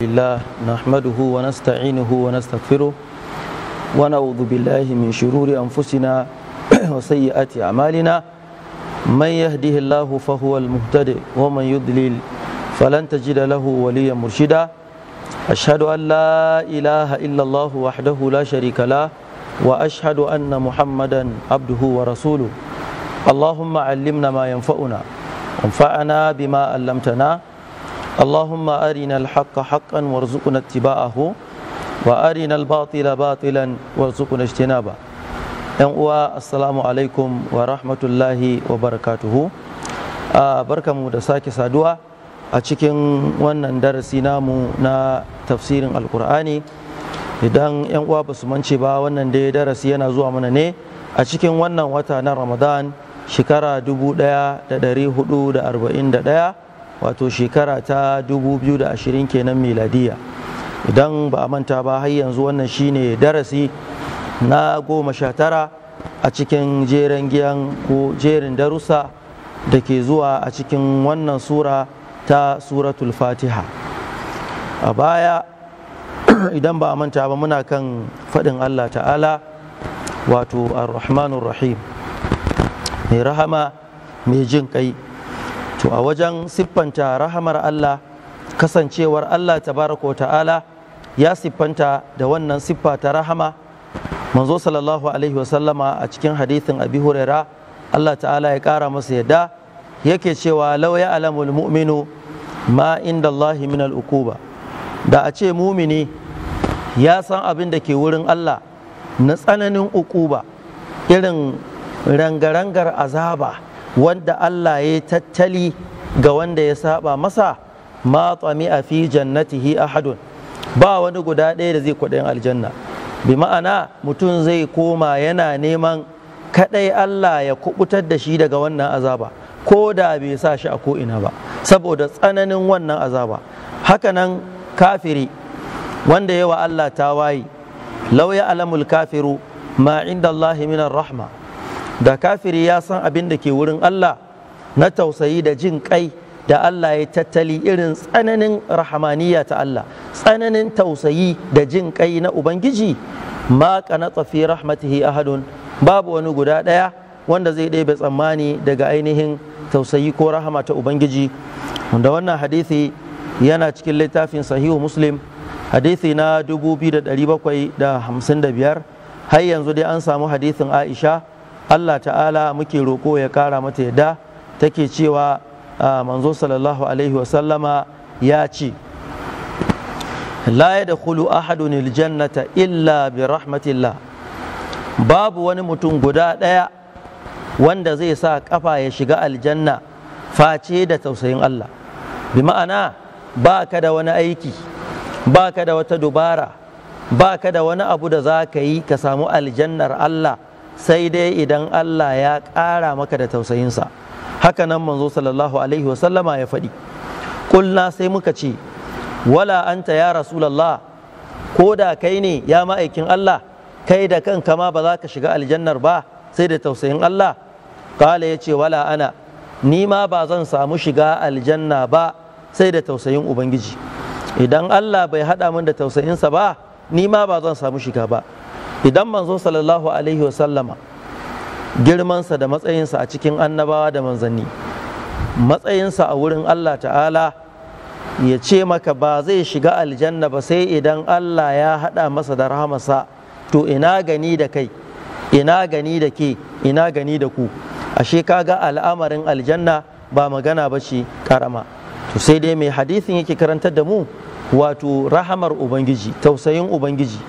لله نحمده ونستعينه ونستغفره ونعوذ بالله من شرور أنفسنا وسيئات أعمالنا من يهده الله فهو المهتد ومن يضلل فلن تجد له وليا مرشدا أشهد أن لا إله إلا الله وحده لا شريك له وأشهد أن محمدا عبده ورسوله اللهم علمنا ما ينفعنا وانفعنا بما علمتنا اللهم أرنا الحق حقا وارزقنا اتباعه وأرنا الباطل باطلا وارزقنا اجتنابه yan uwa asalamu alaikum wa rahmatullahi wa barakatuhu a ah, barkamu da sake saduwa a cikin wannan darasi namu na tafsirin alkur'ani idan yan uwa ba su mance ba wannan dai darasi yana zuwa mana ne a cikin wannan wata na ramadan shekara dubu ɗaya da da da ɗari ɗaya. wato shekara ta 2020 kenan miladiya idan ba a manta ba har yanzu wannan shine darasi na goma sha tara a cikin jerin giyan ko jerin darussa da ke zuwa a cikin wannan sura ta suratul fatiha a baya idan ba a manta ba muna kan faɗin allah ta'ala wato ar-rahmanur rahim mai rahama mai jin kai to a wajen siffanta rahamar Allah kasancewar Allah tabaraka wa ta'ala ya siffanta da wannan siffa ta rahama manzo sallallahu alaihi wa sallama, a cikin hadithin abi huraira Allah ta'ala ya kara masa yadda yake cewa law ya alamul mu'minu ma inda Allah min al'ukuba da a ce mumini ya san abin da ke wurin Allah na tsananin ukuba irin rangarangar azaba wanda Allah ya tattali ga wanda ya saba masa ma a fi jannatihi ahadun ba wani guda ɗaya da zai kwaɗayin aljanna bi ma'ana mutum zai koma yana neman kaɗai Allah ya kubutar da shi daga wannan azaba ko da bai sa shi a ko'ina ba saboda tsananin wannan azaba hakanan kafiri wanda yawa Allah ta waye lauya alamul kafiru ma inda Allah minar rahma da kafiri ya san abin da ke wurin Allah na tausayi da jin kai da Allah ya tattali irin tsananin rahamaniya ta Allah tsananin tausayi da jin kai na Ubangiji ma na fi rahmatihi ahadun babu wani guda ɗaya wanda zai ɗebe tsammani daga ainihin tausayi ko rahama ta Ubangiji wanda wannan hadithi yana cikin littafin sahihu muslim hadithi na 2755 har yanzu dai an samu hadithin Aisha Allah ta'ala muke roƙo ya ƙara mata yadda take cewa ah, manzo sallallahu alaihi wasallama ya ce la ya da ahadun aljannata illa bi rahmatillah babu wani mutum guda ɗaya wanda zai sa ƙafa ya shiga aljanna face da tausayin Allah bi ma'ana ba ka da wani aiki ba ka da wata dubara ba ka da wani abu da za ka yi ka samu aljannar Allah sai dai idan Allah ya ƙara maka da tausayinsa haka nan manzo sallallahu alaihi wasallama ya faɗi ƙulna sai muka ce wala anta ya rasulallah ko da kai ne ya ma'aikin Allah kai da kanka ma ba za ka shiga aljannar ba sai da tausayin Allah kala ya ce wala ana ni ma ba zan samu shiga aljanna ba sai da tausayin ubangiji idan Allah bai haɗa min da tausayinsa ba ni ma ba zan samu shiga ba idan manzo sallallahu alaihi wasallama girmansa da matsayinsa a cikin annabawa da manzanni matsayinsa a wurin Allah ta'ala ya ce maka ba zai shiga aljanna ba sai idan Allah ya haɗa masa da rahamarsa to ina gani da kai ina gani da ke ina gani da ku ashe kaga al'amarin aljanna ba magana ba ce karama to sai dai mai hadisin yake karantar da mu wato rahamar ubangiji tausayin ubangiji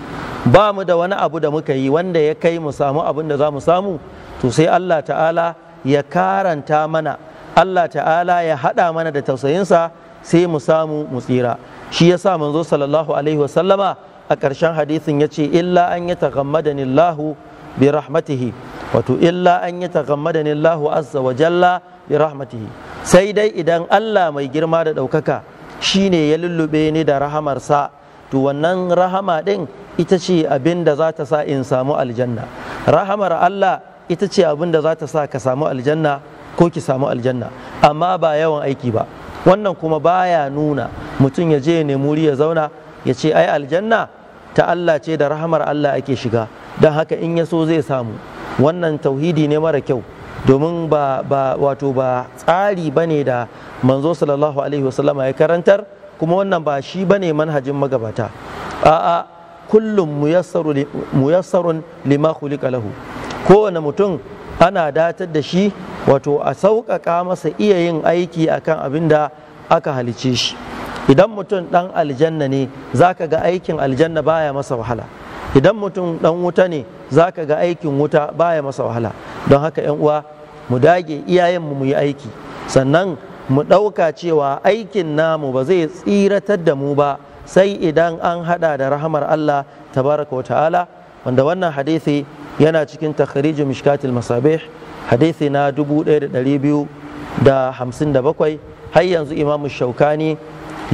ba mu da wani abu da muka yi wanda ya kai mu samu abin da za mu samu to sai Allah ta'ala ya karanta mana Allah ta'ala ya haɗa mana da tausayinsa sai mu samu mu tsira shi ya sa manzo sallallahu alaihi wasallama a ƙarshen hadisin ya ce illa an yi tagammadani Allahu bi rahmatihi wato illa an yi tagammadani Allahu azza wa jalla bi rahmatihi sai dai idan Allah mai girma da ɗaukaka shine ya lullube ni da rahamarsa to wannan rahama ɗin ita ce abin da za ta sa in samu aljanna rahamar Allah ita ce abin da za ta sa ka samu aljanna ko ki samu aljanna amma ba yawan aiki ba wannan kuma baya nuna mutum ya je ne muri ya zauna ya ce ai aljanna ta Allah ce da rahamar Allah ake shiga don haka in ya so zai samu wannan tauhidi ne mara kyau domin ba ba wato ba tsari bane da manzo sallallahu alaihi wasallama ya karantar kuma wannan ba shi bane manhajin magabata a'a kullum muyassarun lima khuliqa lahu kowane mutum ana datar da shi wato a sauƙaƙa masa iya yin aiki akan abin da aka halice shi idan mutum ɗan aljanna ne za ka ga aikin aljanna baya masa wahala idan mutum ɗan wuta ne za ka ga aikin wuta baya masa wahala don haka 'yan uwa mu dage iyayenmu mu yi aiki sannan mu ɗauka cewa aikin namu ba zai tsiratar da mu ba sai idan an hada da rahamar Allah tabaraka wa ta'ala wanda wannan hadisi yana cikin takharijin mishkatil masabih hadisi na 1257 har yanzu imamu shaukani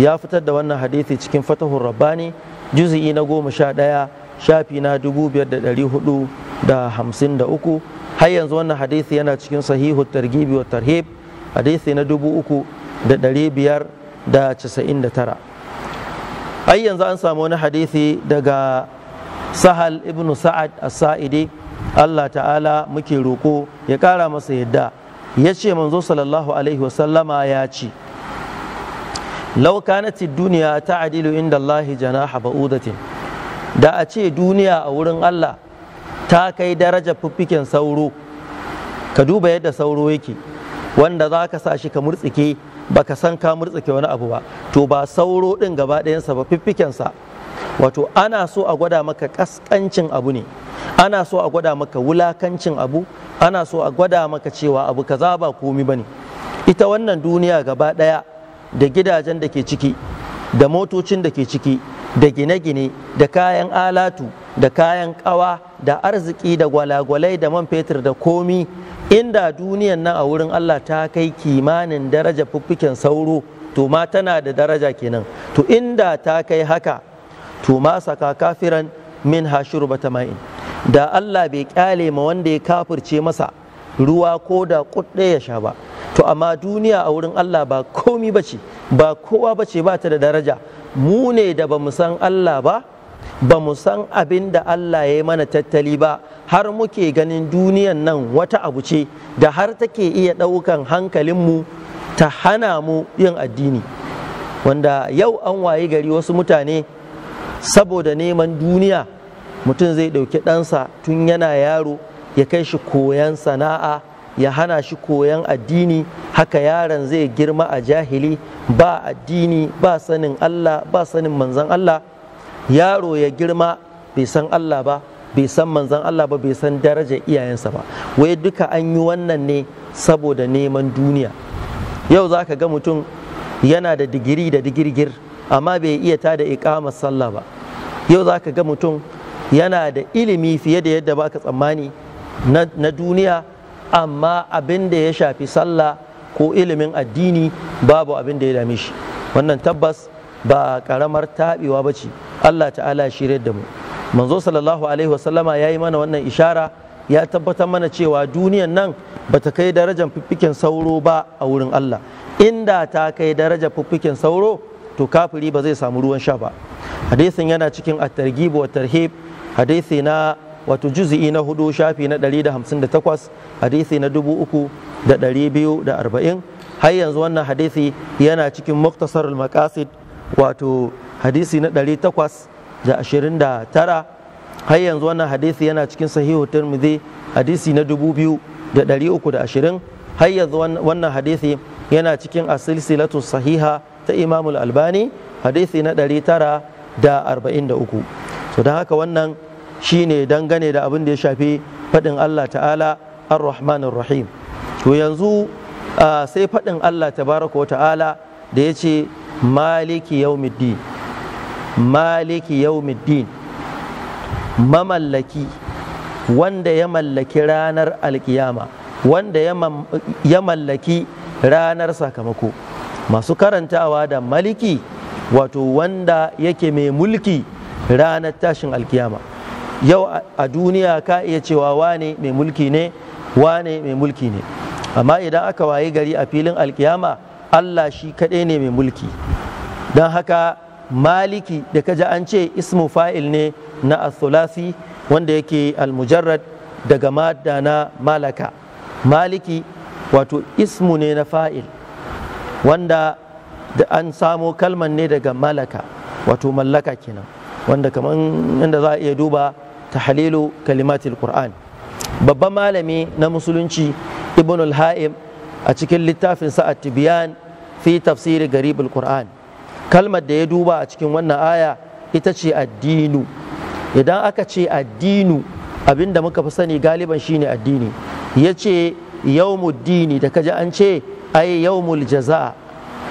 ya fitar da wannan hadisi cikin fatahun rabbani juzi'i na goma sha ɗaya shafi na 5453 har yanzu wannan hadithi yana cikin sahihu targibi wa tarhib hadisi na 3599 ai yanzu an samu wani hadisi daga sahal ibnu sa'ad as-sa'idi Allah ta'ala muke roko, ya ƙara masa yadda ya ce manzo sallallahu alaihi wasallama ya ce law kanat duniya ta'dilu inda Allah janaha ba'udatin da a ce duniya a wurin Allah ta kai daraja fiffiken sauro ka duba yadda sauro yake wanda za ka sa shi ka murtsike baka san ka murtsike wani abu ba to ba sauro din gaba ɗayansa ba fiffikensa wato ana so a gwada maka kaskancin abu ne ana so a gwada maka wulakancin abu ana so a gwada maka cewa abu kaza ba komi bane ita wannan duniya gaba ɗaya da gidajen da ke ciki da motocin da ke ciki da gine-gine da kayan alatu da kayan kawa da arziki da gwalagwalai da man fetur da komi inda duniyan nan a wurin Allah ta kai kimanin daraja fuffiken sauro to ma tana da daraja kenan to inda ta kai haka to ma saka kafiran min hashur batama'in da Allah bai kyale ma wanda ya kafirce masa ruwa ko da kudde ya sha ba to amma duniya a wurin Allah ba komi bace ba kowa bace ba ta da daraja mu ne da ba mu san Allah ba ba mu san abin da Allah ya yi mana tattali ba har muke ganin duniyan nan wata abu ce da har take iya ɗaukan hankalinmu ta hana mu yin addini wanda yau an wayi gari wasu mutane saboda neman duniya mutum zai ɗauki ɗansa tun yana yaro ya kai shi koyan sana'a ya hana shi koyan addini haka yaron zai girma a jahili ba addini ba sanin Allah ba sanin manzon Allah yaro ya girma bai san Allah ba bai san manzan Allah ba bai san darajar iyayensa ba wai duka an yi wannan ne saboda neman duniya yau za ka ga mutum yana da digiri da digirgir amma bai iya ta da ikamar sallah ba yau za ka ga mutum yana da ilimi fiye da yadda baka tsammani na duniya amma abin da ya shafi sallah ko ilimin addini babu abin da ya dame shi wannan tabbas ba karamar taɓewa ba ce Allah ta'ala ya shirye da mu manzo sallallahu alaihi wasallama ya yi mana wannan ishara ya tabbatar mana cewa duniyan nan ba ta kai darajar fiffiken sauro ba a wurin Allah inda ta kai darajar fiffiken sauro to kafiri ba zai samu ruwan sha ba hadisin yana cikin at-targhib wa tarhib hadisi na wato juz'i na hudu shafi na 158 hadisi na 3240 har yanzu wannan hadisi yana cikin muktasarul maqasid wato hadisi na ɗari 829 har yanzu wannan hadisi yana cikin sahihu tirmidhi hadisi na dubu biyu da ɗari 2320 har yanzu wannan hadisi yana cikin asilsilatu sahiha ta imamul albani hadisi na ɗari tara 943 so don haka wannan shine dangane da abin da ya shafi faɗin Allah ta'ala ar rahim to yanzu ah, sai faɗin Allah tabaraka ta'ala da ya ce maliki yaumiddin maliki yaumiddin mamallaki wanda ya mallaki ranar alkiyama wanda ya mallaki ranar sakamako masu karantawa da maliki wato wanda yake mai mulki ranar tashin alkiyama yau a duniya ka iya cewa wane mai mulki ne wane mai mulki ne amma idan aka wayi gari a filin alkiyama Allah shi kaɗai ne mai mulki don haka maliki da kaji an ce ismu fa'il ne na asulasi wanda yake almujarrad daga madda na malaka maliki wato ismu ne na fa'il wanda da an samo kalman ne daga malaka wato mallaka kenan wanda kamar inda za a iya duba ta halilu kalimatul qur'an babban malami na musulunci ibn al-ha'im a cikin littafin sa at fi tafsiri gari qur'an kalmar da ya duba a cikin wannan aya ita ce addinu idan aka ce addinu abinda muka fi sani galiban shine addini ya ce yawmuddini da kaji an ce ai yawmul jaza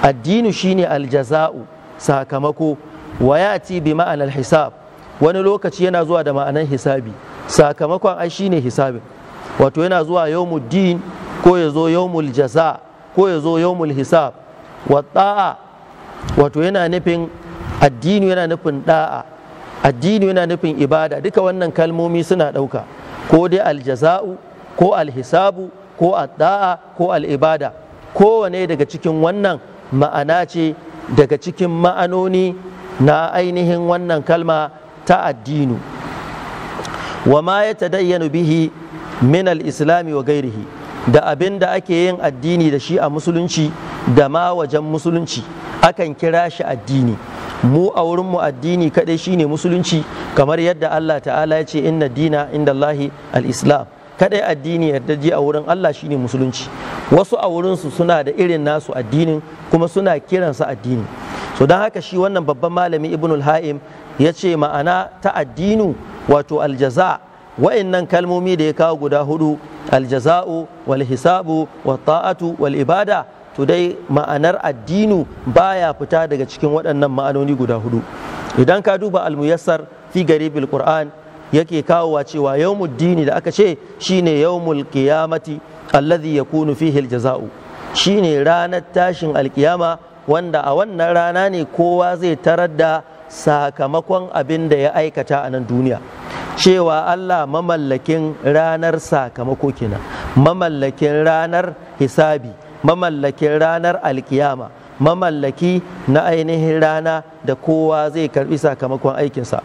addinu shine aljaza'u sakamako wa yati bi ma'anar hisab wani lokaci yana zuwa da ma'anar hisabi sakamakon ai shine hisabin wato yana zuwa yawmuddin ko ya zo yawmul jaza ko ya zo yawmul hisab wa ta'a wato yana nufin addini yana nufin da'a addini yana nufin ibada duka wannan kalmomi suna ɗauka ko dai aljaza'u ko alhisabu ko adda'a ko al'ibada kowane daga cikin wannan ma'ana ce daga cikin ma'anoni na ainihin wannan kalma ta addinu wa ma ya tadayyanu bihi min al-islami wa gairihi da abin da ake yin addini da shi a musulunci da ma wajen musulunci akan kira shi addini mu a wurinmu addini kaɗai shine musulunci kamar yadda Allah ta'ala ya ce inna dina inda Allahi al-islam kaɗai addini ji a wurin Allah shine musulunci wasu a wurinsu suna da irin nasu addinin kuma suna kiransa addini so don haka shi wannan babban malami ibn al-ha'im ya ce ma'ana ta addinu wato aljaza wa'annan kalmomi da ya kawo guda hudu aljaza'u wal hisabu wa wal ibada to dai ma'anar addinu baya fita daga cikin waɗannan ma'anoni guda hudu idan ka duba almuyassar fi garibil qur'an yake kawowa cewa yawmud dini da aka ce shine yawmul qiyamati alladhi yakunu fihi aljaza'u shine ranar tashin alkiyama wanda a wannan rana ne kowa zai tarar da sakamakon abin da ya aikata a nan duniya cewa Allah mamallakin ranar sakamako kenan mamallakin ranar hisabi mamallakin ranar alkiyama mamallaki na ainihin rana da kowa zai karbi sakamakon aikinsa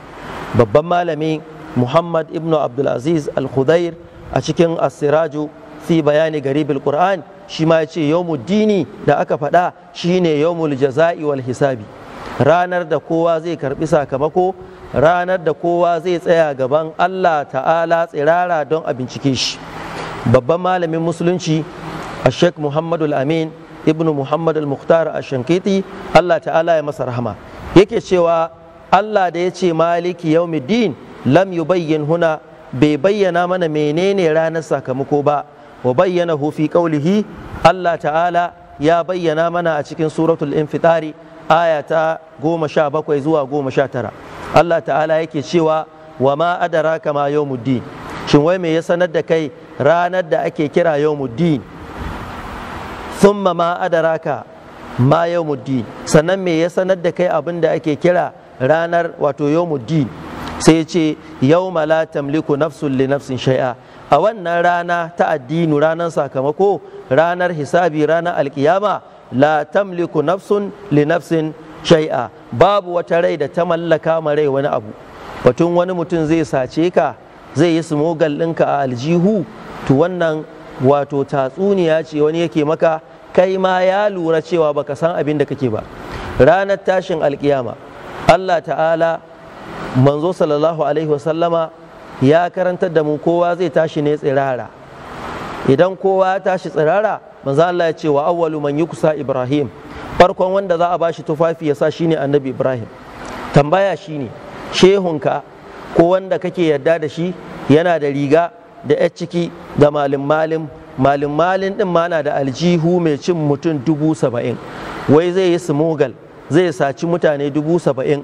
babban malami muhammad Ibn abdulaziz al-khudair a cikin asiraju fi bayani garibil qur'an shi ma ya ce dini da aka faɗa shine yawmul jaza'i wal hisabi ranar da kowa zai karbi sakamako ranar da kowa zai tsaya gaban Allah ta'ala tsirara don a bincike shi babban malamin musulunci a sheikh muhammadu amin ibn muhammadu al-mukhtar a shankiti Allah ta'ala ya masa rahama yake cewa Allah da ya ce maliki yaumiddin lam bayyan huna bai bayyana mana menene ranar sakamako ba wa bayyana hufi kaulihi Allah ta'ala ya bayyana mana a cikin suratul infitari aya ta goma sha bakwai zuwa goma sha tara Allah ta'ala yake cewa wa ma adara kama yawmuddin shin wai me ya sanar da kai ranar da ake kira yawmuddin Sun ma ka ma yawmuddin sannan me ya sanar da kai abin da ake kira ranar wato yawmuddin sai ya ce ma la tamliku nafsun li a wannan rana ta addinu ranar sakamako ranar hisabi ranar alkiyama la tamliku nafsun li nafsin shai'a babu wata rai da ta mallaka ma rai wani abu batun wani mutum zai sace ka zai yi smogal ɗinka a aljihu to wannan wato tatsuniya ce wani yake maka kai ma ya lura cewa baka san abin da kake ba ranar tashin alkiyama Allah ta'ala manzo sallallahu alaihi wasallama ya karantar da mu kowa zai tashi ne tsirara idan kowa ya tashi tsirara manzo Allah ya ce wa awwalu man yuksa Ibrahim farkon wanda za a bashi tufafi ya sa shine annabi Ibrahim tambaya shine shehunka ko wanda kake yarda da shi yana da riga da yar ciki da malin malin malin malin din mana da aljihu mai cin mutum dubu saba'in wai zai yi smogal zai saci mutane dubu saba'in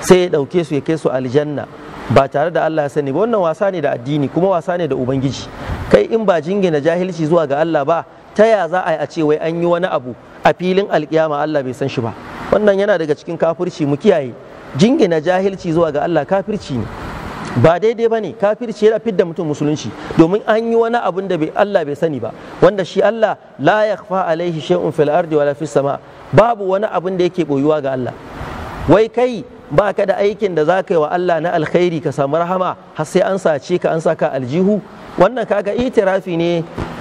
sai ya ɗauke su ya kai su aljanna ba tare da Allah ya sani ba wannan wasa ne da addini kuma wasa ne da ubangiji kai in ba jingina jahilci zuwa ga Allah ba ta ya za a yi a ce wai an yi wani abu a filin alkiyama Allah bai san shi ba wannan yana daga cikin kafirci mu kiyaye jingina jahilci zuwa ga Allah kafirci ne ba daidai ba ne kafirci yana fidda mutum musulunci domin an yi wani abun da Allah bai sani ba wanda shi Allah la yakhfa alaihi shay'un fil ardi wala fis sama babu wani abun da yake boyuwa ga Allah wai kai ba ka da aikin da za ka yi wa Allah na alkhairi ka samu rahama har sai an sace ka an saka aljihu wannan kaga itirafi ne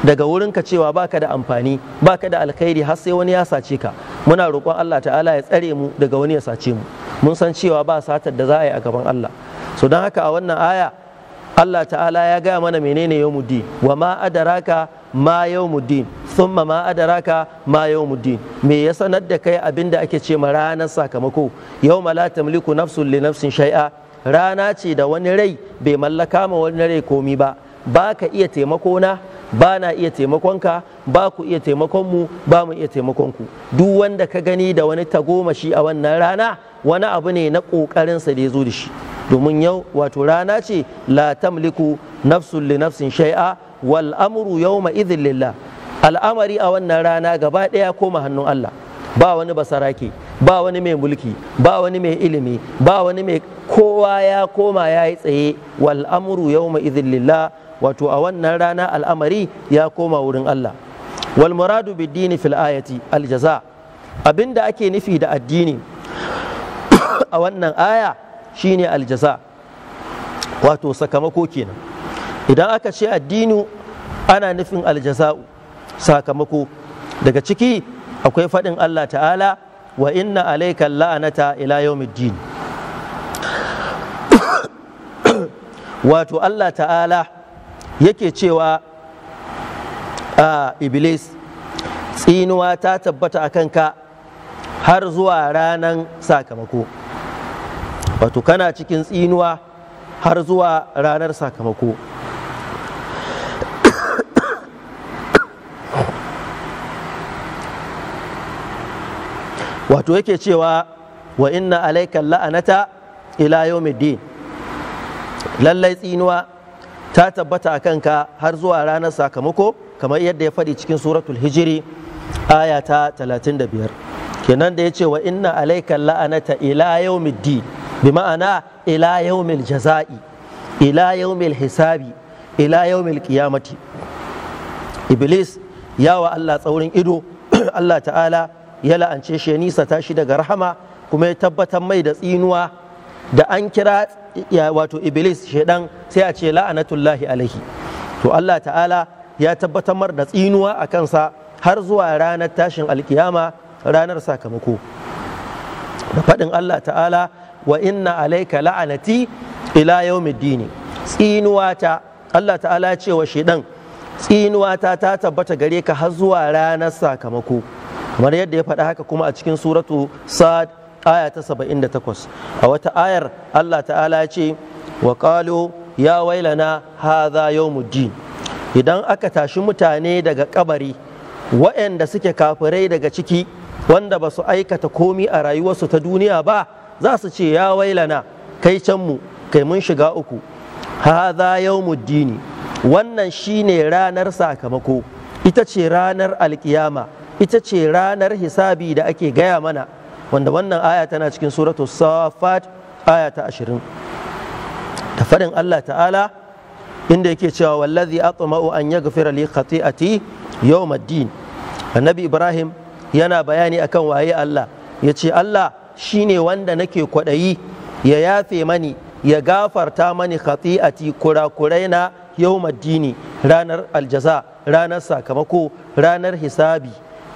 daga wurin ka cewa baka da amfani baka da alkhairi har sai wani ya sace ka muna roƙon Allah ta'ala ya tsare mu daga wani ya sace mu mun san cewa ba satar da za a yi a gaban Allah so don haka a wannan aya Allah ta'ala ya gaya mana menene yawmuddin wa ma adaraka ma yawmuddin thumma ma adaraka ma yawmuddin me ya sanar da kai abinda ake ce ma ranar sakamako yawma la tamliku nafsun li nafsin shay'a rana ce da wani rai bai mallaka ma wani rai komi ba ba ka iya taimako na ba na iya taimakonka ba ku iya taimakonmu ba mu iya taimakonku duk wanda ka gani da wani tagomashi a wannan rana wani abu ne na sa da ya zo da shi domin yau wato rana ce la tamliku nafsun li nafsin shai'a wal amru yawma idhin lillah al'amari a wannan rana gaba ɗaya koma hannun Allah ba wani basarake ba wani mai mulki ba wani mai ilimi ba wani mai kowa ya koma yayi tsaye wal amru yawma idhin lillah wato a wannan rana al'amari ya koma wurin Allah wal muradu biddini fil ayati al jaza abinda ake nufi da addini a wannan aya shine al jaza wato sakamako kenan idan aka ce addini ana nufin al jaza'u sakamako daga ciki akwai faɗin Allah ta'ala wa inna alaika la'anata ila yawmiddin wato Allah ta'ala yake cewa a iblis tsinuwa ta tabbata a kanka har zuwa ranan sakamako wato kana cikin tsinuwa har zuwa ranar sakamako wato yake cewa wa inna alaikan la'anata ila yau lallai tsinuwa ta tabbata a kanka har zuwa ranar sakamako kamar yadda ya faɗi cikin suratul hijiri aya ta 35 kenan da ya ce wa inna alaikan la'anata ila di bi ma'ana ila yawmil jaza'i ila yawmil hisabi ila yawmil qiyamati iblis ya wa Allah tsaurin ido Allah ta'ala ya la'ance shi ya nisa tashi daga rahama kuma ya tabbatar mai da tsinuwa da an kira wato iblis shaidan sai a ce la'anatullahi alaihi to Allah ta'ala ya tabbatar da tsinuwa a kansa har zuwa ranar tashin alkiyama ranar sakamako da faɗin Allah ta'ala wa inna alaika la'anati ila yawmiddini tsinuwa ta Allah ta'ala ya ce wa shaidan tsinuwa ta ta tabbata gare ka har zuwa ranar sakamako kamar yadda ya faɗa haka kuma a cikin suratu sad aya ta 78 a wata ayar Allah ta'ala ya ce wa qalu ya wailana hadha yawmuddin idan aka tashi mutane daga kabari waɗanda suke kafirai daga ciki wanda ba su aikata komi a rayuwarsu ta duniya ba za su ce ya wailana kai can mu kai mun shiga uku yau yawmuddini wannan shine ranar sakamako ita ce ranar alkiyama ita ce ranar hisabi da ake gaya mana wanda wannan aya tana cikin suratu safat aya ta ashirin da farin Allah ta'ala inda yake cewa wallazi atma'u an yaghfira li khati'ati yawmaddin annabi ibrahim yana bayani akan waye Allah ya ce Allah shine wanda nake kwaɗayi ya yafe mani ya gafarta mani khati'ati kurakurai na yawmaddini ranar aljaza ranar sakamako ranar hisabi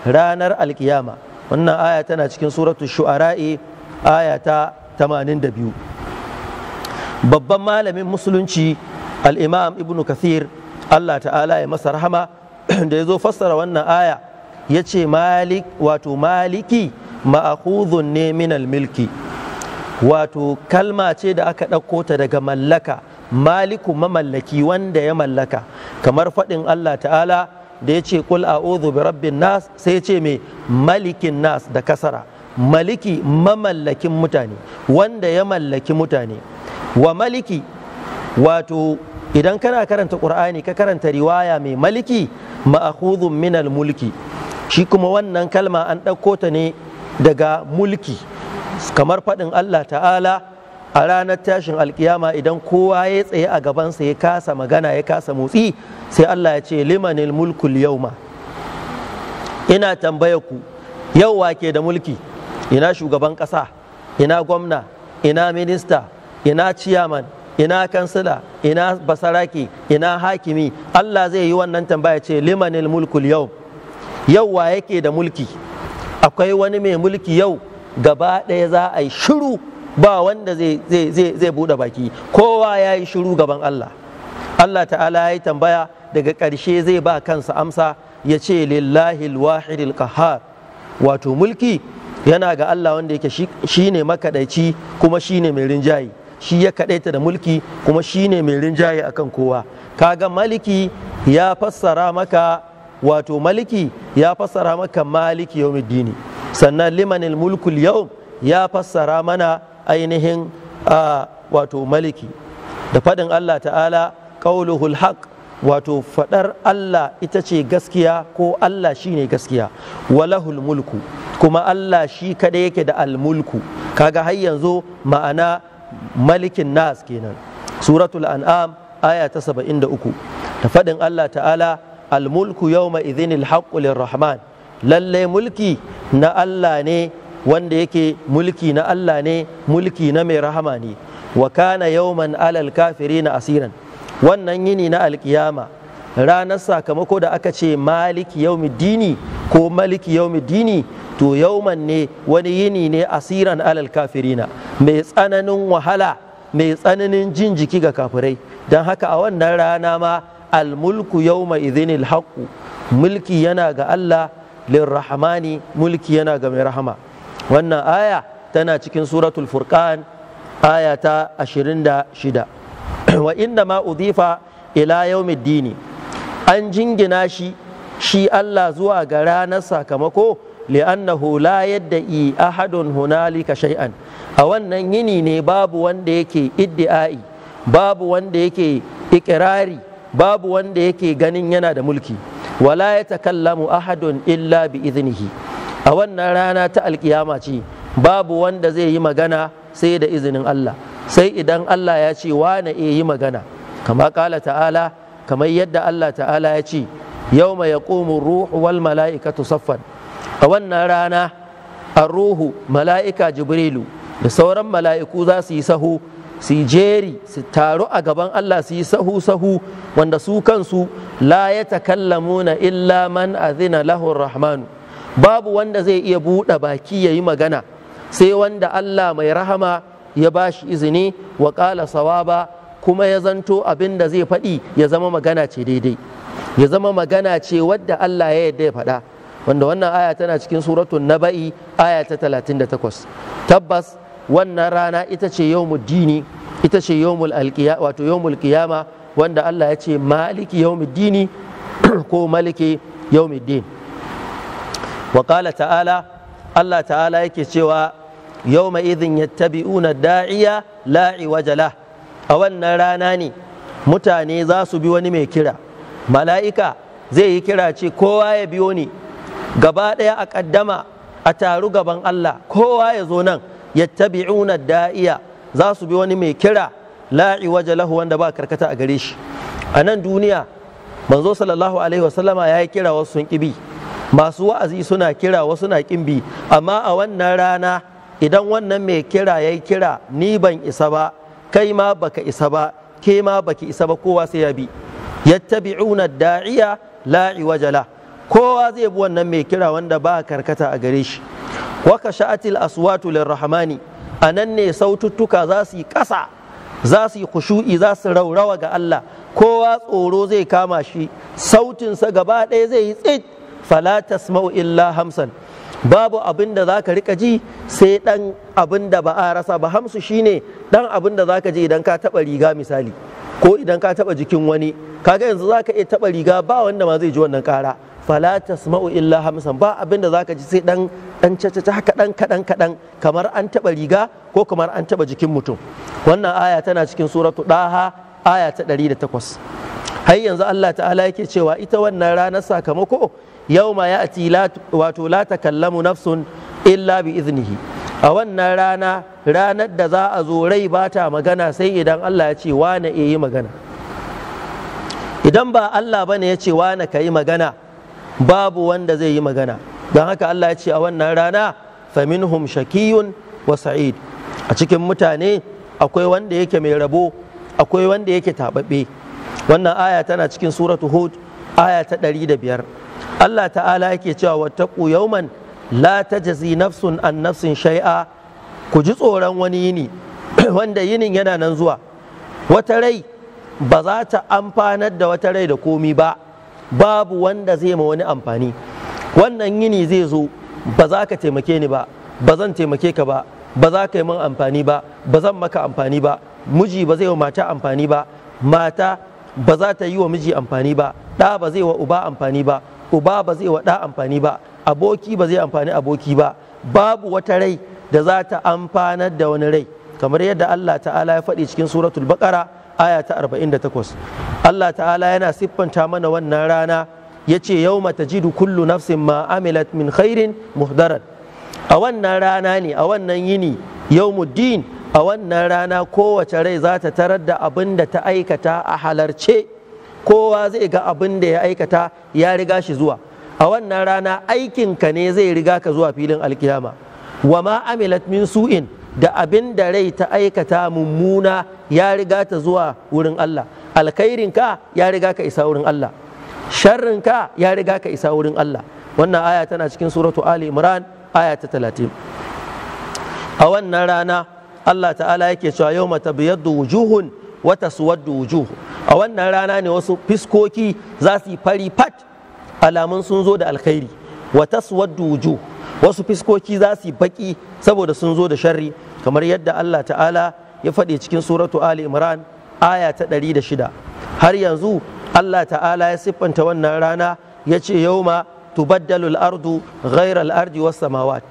ranar alkiyama wannan aya tana cikin suratu shu'ara'i aya ta biyu. babban malamin musulunci al-imam ibnu kathir Allah ta'ala ya masa rahama da ya zo fassara wannan aya ya ce wato maliki ma'akudun ne minal milki wato kalma ce da aka ɗauko ta daga mallaka maliku mamallaki wanda ya mallaka kamar faɗin Allah ta'ala da ya ce kul a'udhu bi rabbin nas sai ya ce mai malikin nas da kasara maliki mamallakin mutane wanda ya mallaki mutane wa maliki wato idan kana karanta qur'ani ka karanta riwaya mai maliki ma'khudhun minal mulki shi kuma wannan kalma an ɗauko ta ne daga mulki kamar faɗin Allah ta'ala a ranar tashin alkiyama idan kowa ya tsaye a gabansa ya kasa magana ya kasa motsi sai Allah ya ce limanil mulkul yauma ina tambaya ku yau wake da mulki ina shugaban ƙasa ina gwamna ina minista ina ciyaman ina kansila ina basaraki ina hakimi Allah zai yi wannan tambaya ce limanil mulkul yau yau wa yake da mulki akwai wani mai mulki yau gaba ɗaya za a yi shiru ba wanda zai buɗe baki kowa ya yi shiru gaban Allah Allah ta'ala ya yi tambaya daga ƙarshe zai ba kansa amsa ya ce lillahi wahidil Alkahar, wato mulki yana ga Allah wanda yake shi ne makaɗaici kuma shi ne mai rinjaye shi ya kaɗaita da mulki kuma shi ne mai rinjaye akan kowa kaga maliki ya fassara maka wato maliki ya fassara maka maliki yawmiddini sannan limanil mulkul yau ya fassara mana ainihin wato maliki da faɗin Allah ta'ala qauluhul haq wato faɗar Allah ita ce gaskiya ko Allah shi ne gaskiya walahul mulku kuma Allah shi kaɗai yake da almulku kaga har yanzu ma'ana malikin nas kenan suratul an'am aya ta saba'in da uku da faɗin Allah ta'ala almulku yawma idhinil haqqu lirrahman lallai mulki na Allah ne wanda yake mulki na Allah ne mulki na mai rahama ne wa kana yawman alal kafirina asiran wannan yini na alkiyama ranar sakamako da aka ce maliki dini ko maliki dini to yauman ne wani yini ne asiran alal kafirina mai tsananin wahala mai tsananin jin jiki ga kafirai don haka a wannan rana ma almulku yauma idhinil haƙƙu mulki yana ga Allah lirrahmani mulki yana ga mai rahama wannan aya tana cikin suratul furqan aya ta 26 wa inda ma udifa ila yaumiddini an jingina shi shi Allah zuwa ga ranar sakamako li'annahu la yadda'i ahadun hunalika shay'an a wannan yini ne babu wanda yake iddi'ai babu wanda yake ikirari babu wanda yake ganin yana da mulki wala ya takallamu ahadun illa bi iznihi a wannan rana ta alkiyama ce babu wanda zai yi magana sai da izinin Allah sai idan Allah ya ce wane e yi magana kama kala ta'ala kamar yadda Allah ta'ala ya ce yau mai ya ruhu wal mala'ikatu saffan a wannan rana a ruhu mala'ika jibrilu da sauran mala'iku za su yi sahu su yi jeri su taru a gaban Allah su yi sahu sahu wanda su kansu la ya takallamuna illa man azina lahur rahmanu babu wanda zai iya buɗe baki ya yi magana sai wanda Allah mai rahama ya ba shi izini wa ƙala sawaba kuma ya zanto abin da zai faɗi ya zama magana ce daidai ya zama magana ce wadda Allah ya yarda ya faɗa wanda wannan aya tana cikin suratun naba'i aya ta 38 tabbas wannan rana ita ce yawmul dini ita ce yawmul wato yawmul qiyama wanda Allah ya ce maliki yawmid dini ko maliki yawmid dini wa ta'ala Allah ta'ala yake cewa yau mai yawma idhin yattabi'una da'iya la wajala. a wannan rana ne mutane za su bi wani mai kira mala'ika zai yi kira ce kowa ya biyo ni gaba ɗaya a ƙaddama a taru gaban Allah kowa ya zo nan yattabi'una da'iya za su bi wani mai kira la'i waje wanda ba karkata a gare shi a nan duniya manzo sallallahu alaihi wasallama ya yi kira wasu sun ƙibi masu wa'azi suna kira wasu na kimbi amma a wannan rana idan wannan mai kira ya kira ni ban isa ba kai ma baka isa ba ke ma baki isa ba kowa sai ya bi yattabi'una da'iya la'i wajala. kowa zai bi wannan mai kira wanda ba karkata a gare shi wa kasha'atil aswatu lirrahmani anan ne saututtuka za su yi ƙasa za su yi kushu'i za su raurawa ga Allah kowa tsoro zai kama shi sautinsa gaba ɗaya zai yi tsit fala tasma'u illa hamsan babu abin da zaka rika ji sai dan abin da ba a rasa ba hamsu shine dan abin da zaka ji idan ka taba riga misali ko idan ka taba jikin wani kaga yanzu zaka iya taba riga ba wanda ma zai ji wannan kara fala tasma'u illa hamsan ba abin da zaka ji sai dan dan cacaca haka dan kadan kadan kamar an taba riga ko kamar an taba jikin mutum wannan aya tana cikin suratu daha aya ta 108 har yanzu Allah ta'ala yake cewa ita wannan ranar sakamako ya ya'ti wato la takallamu nafsun illa bi iznihi a wannan rana ranar da za a zo rai ba ta magana sai idan Allah ya ce wane eh yi magana idan ba Allah bane ya ce wane ka yi magana babu wanda zai yi magana don haka Allah ya ce a wannan rana faminhum shakiyun wa sa'id a cikin mutane akwai wanda yake mai rabo akwai wanda yake taɓaɓɓe wannan aya tana cikin suratu hud aya ta ɗari da biyar. Allah ta'ala yake cewa wata yawman la tajzi nafsun an nafsin shai'a ku ji tsoron wani yini wanda yinin yana nan zuwa wata rai ba za ta amfanar da wata rai da komi ba babu wanda zai ma wani amfani wannan yini zai zo ba za ka taimake ni ba ba zan taimake ka ba ba za ka yi min amfani ba ba zan maka amfani ba miji ba zai wa mata amfani ba mata ba za ta yi wa miji amfani ba ɗa ba zai wa uba amfani ba uba ba zai waɗa amfani ba aboki ba zai amfani aboki ba babu wata rai da za ta amfanar da wani rai kamar yadda Allah ta'ala ya faɗi cikin suratul baqara aya ta 48 Allah ta'ala yana siffanta mana wannan rana yace yau tajidu kullu nafsin ma amilat min khairin muhdaran a wannan rana ne a wannan yini yawmuddin a wannan rana kowace rai za ta tarar da abin da ta aikata a halarce kowa zai ga abin da ya aikata ya riga shi zuwa a wannan rana aikin ka ne zai riga ka zuwa filin alkiyama wa ma amilat min su'in da abin da rai ta aikata mummuna ya riga ta zuwa wurin Allah ka ya riga ka isa wurin Allah ka ya riga ka isa wurin Allah wannan aya tana cikin suratu Ali Imran aya ta 30 a wannan rana Allah ta'ala yake cewa yawma mata wujuhun wata taswaddu wujuhun a wannan rana ne wasu fiskoki za su yi fari fat alamun sun zo da alkhairi wa taswaddu wujuh wasu fiskoki za su yi baki saboda sun zo da sharri kamar yadda Allah ta'ala ya faɗi cikin suratu Ali Imran aya ta ɗari da shida. har yanzu Allah ta'ala ya siffanta wannan rana ya ce yauma tubaddalul ardu ghairal ardi was samawat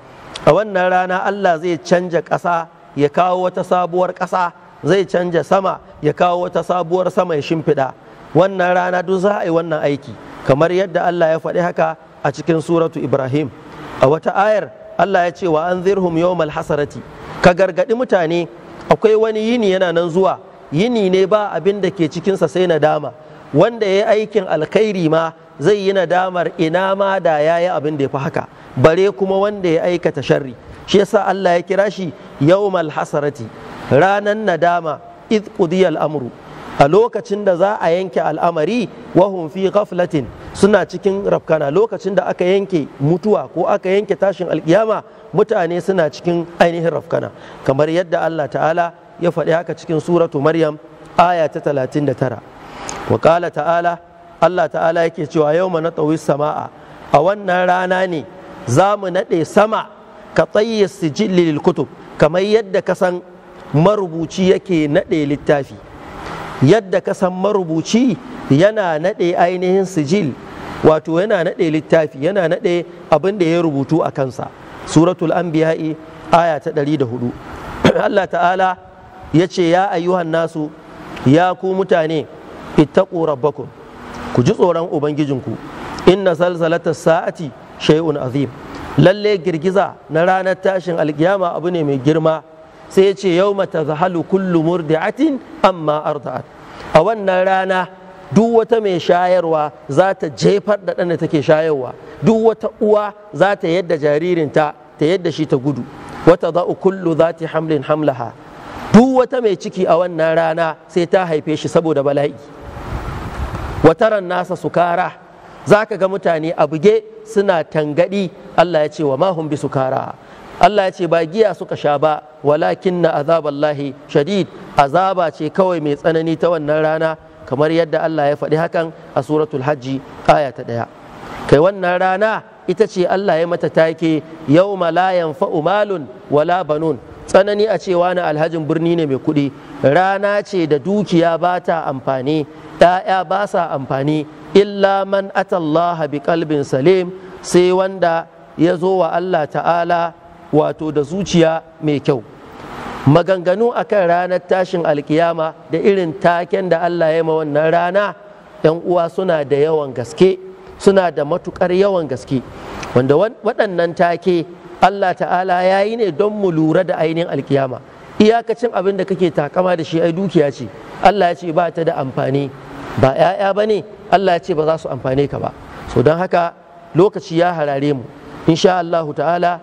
a wannan rana Allah zai canja ƙasa ya kawo wata sabuwar ƙasa zai canja sama ya kawo wata sabuwar sama ya shimfiɗa wannan rana duk za a yi wannan aiki kamar yadda Allah ya faɗi haka a cikin suratu Ibrahim a wata ayar Allah ya ce wa an zirhum yawmal hasarati ka gargaɗi mutane akwai wani yini yana nan zuwa yini ne ba abin da ke cikinsa sai na dama. wanda ya yi aikin alkhairi ma zai yi nadamar ina ma da ya yi abin da ya fi haka bare kuma wanda ya aikata sharri shi yasa Allah ya kira shi yawmal hasarati ranan nadama id qudiya al'amru a lokacin da za a yanke al'amari wahumfi fi ghaflatin suna cikin rafkana lokacin da aka yanke mutuwa ko aka yanke tashin alkiyama mutane suna cikin ainihin rafkana kamar yadda Allah ta'ala ya faɗi haka cikin suratu maryam aya ta talatin da wa qala ta'ala Allah ta'ala yake cewa yau na tsawi sama'a a wannan rana ne za mu naɗe sama ka tsaye sijilli kutub kamar yadda ka san marubuci yake naɗe littafi yadda ka san marubuci yana naɗe ainihin sijil wato yana naɗe littafi yana naɗe abin da ya rubutu a kansa suratul anbiya'i aya ta ɗari da hudu. Allah ta'ala ya ce ya ayyuhan nasu ya ku mutane ittaqu rabbakum ku ji tsoron ubangijinku inna zalzalata sa'ati shay'un azim lalle girgiza na ranar tashin alkiyama abu ne mai girma sai ya ce yau mata zahalu kullu murdi'atin amma arda'at a wannan rana duk wata mai shayarwa za ta jefar da ɗan da take shayarwa duk wata uwa za ta yadda jaririnta ta yadda shi ta gudu wata za'u kullu za ta hamlin hamlaha duk wata mai ciki a wannan rana sai ta haife shi saboda bala'i wataran nasa sukara za ka ga mutane a buge suna tangadi Allah ya ce wa mahun bi sukara Allah ya ce ba giya suka sha ba walakin na azaballahi shadid azaba ce kawai mai tsanani ta wannan rana kamar yadda Allah ya faɗi hakan a suratul hajji aya ta ɗaya kai wannan rana ita ce Allah ya mata take yau la yanfa'u malun wala banun tsanani a cewa na alhajin birni ne mai kuɗi rana ce da dukiya ba ta amfani ‘ya'ya ba sa amfani illa man atallaha bi kalbin salim sai wanda ya zo wa Allah ta'ala wato da zuciya mai kyau maganganu akan ranar tashin alkiyama da irin taken da Allah ya ma wannan rana yan uwa suna da yawan gaske suna da matukar yawan gaske wanda waɗannan take Allah ta'ala ya yi ne don mu lura da ainihin alkiyama iyakacin abin da kake takama da shi ai dukiya ce Allah ya ce ba ta da amfani ba 'ya'ya ba ne Allah ya ce ba za su amfani ka ba so don haka lokaci ya harare mu insha Allahu ta'ala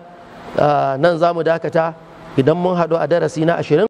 Ah, nan za mu dakata idan mun haɗu a darasi na ashirin